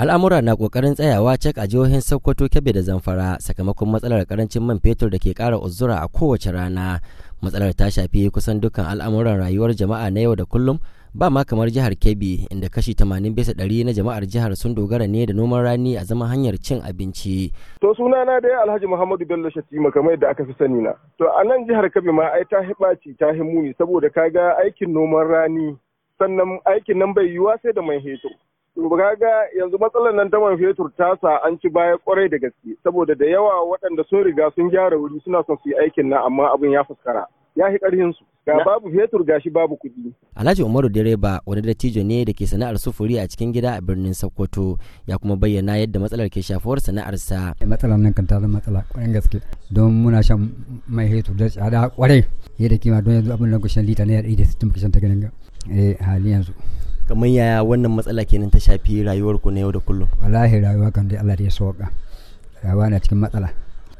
al'amura na kokarin tsayawa cak a jihohin sokoto kebbi da zamfara sakamakon matsalar karancin man fetur da ke kara uzura a kowace rana matsalar ta shafi kusan dukkan al'amuran rayuwar jama'a na yau da kullum ba ma kamar jihar kebbi inda kashi 80 bisa ɗari na jama'ar jihar sun dogara ne da noman rani a zama hanyar cin abinci to suna na dai alhaji muhammadu bello shatima kamar yadda aka fi sani na to a nan jihar kebe ma ai ta hibaci ta himuni saboda kaga aikin noman rani sannan aikin nan bai yiwuwa sai da mai heto ga yanzu matsalar nan ta man fetur ta sa an ci baya kwarai da gaske saboda da yawa waɗanda sun riga sun gyara wuri suna son su yi aikin nan amma abin ya fuskara ya fi ƙarfin su ga babu fetur gashi babu kuɗi. Alhaji Umaru Direba wani dattijo ne da ke sana'ar sufuri a cikin gida a birnin Sokoto ya kuma bayyana yadda matsalar ke shafuwar sana'arsa. Matsalar nan kan ta zama matsala ƙwarin gaske don muna shan mai fetur da tsada ƙwarai yadda kima don yanzu abin da kushen lita ne ya ɗaya da sittin kushen ta ganin ga. Eh hali yanzu. kamar yaya wannan matsala kenan ta shafi rayuwar ku na yau da kullum wallahi rayuwa kan dai Allah ya sauka rayuwa na cikin matsala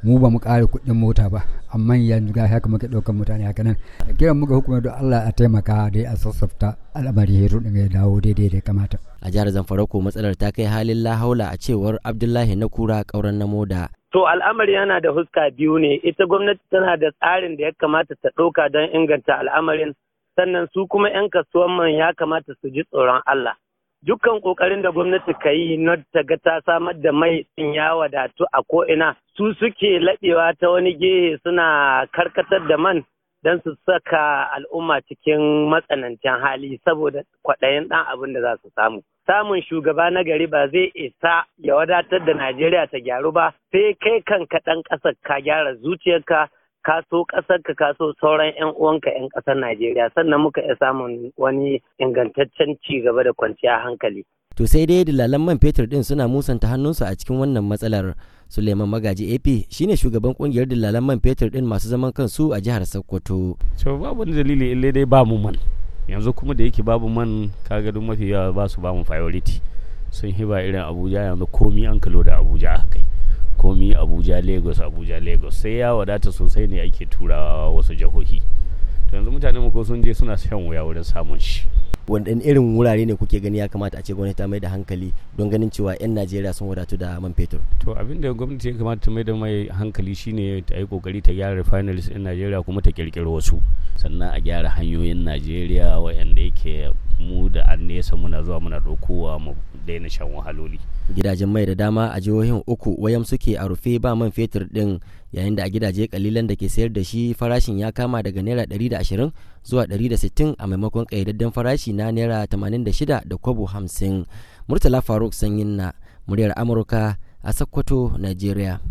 mu ba mu ƙara kuɗin mota ba amma yanzu ga haka muke ɗaukar mutane haka nan kiran muka hukumar da Allah a taimaka dai a sassafta al'amari ya rudin ya dawo daidai da kamata a jihar Zamfara ko matsalar ta kai halin lahaula a cewar Abdullahi na kura kauran na moda To al'amari yana da huska biyu ne ita gwamnati tana da tsarin da ya kamata ta ɗauka don inganta al'amarin sannan su kuma 'yan kasuwan man ya kamata su ji tsoron Allah. Dukkan ƙoƙarin da gwamnati ka yi na taga ta samar da mai sun ya wadatu a ko'ina su suke laɓewa ta wani gehe suna karkatar da man don su saka al'umma cikin matsanancin hali saboda kwaɗayin ɗan abin da za su samu. Samun shugaba na gari ba zai isa ya wadatar da Najeriya ta gyaru ba sai kai kanka ɗan ƙasar ka gyara zuciyarka ka so ƙasarka ka sauran 'yan uwanka 'yan ƙasar Najeriya sannan muka iya samun wani ingantaccen ci gaba da kwanciya hankali. To sai dai dillalan man fetur din suna musanta hannunsu a cikin wannan matsalar. Suleiman Magaji AP shine shugaban kungiyar dillalan man fetur din masu zaman kansu a jihar Sokoto. To babu wani dalili ille dai ba mu man. Yanzu kuma da yake babu man kaga duk mafi yawa ba su ba mu priority. Sun hiba irin Abuja yanzu komi an kalo da Abuja kai. abuja lagos abuja lagos sai ya wadata sosai ne ake turawa wasu jihohi to yanzu mutane ko sun je suna shan wuya wurin samun shi wadanne irin wurare ne kuke gani ya kamata a ce gwamnati ta mai da hankali don ganin cewa 'yan najeriya sun wadatu da man fetur to abin da gwamnati ya kamata ta mai da mai hankali shine ta yi kokari ta gyara refineries 'yan najeriya kuma ta kirkiro wasu sannan a gyara hanyoyin najeriya waanda yake mu da an nesa muna zuwa muna ɗaukowa mu daina shan wahaloli gidajen mai da dama a jihohin uku wayan suke a rufe ba man fetur din yayin da a gidaje kalilan da ke sayar da shi farashin ya kama daga naira 120 zuwa 160 a maimakon kayyadadden farashi na naira 86 da kwabo 50 murtala faruk sanyin na muryar amurka a sokoto nigeria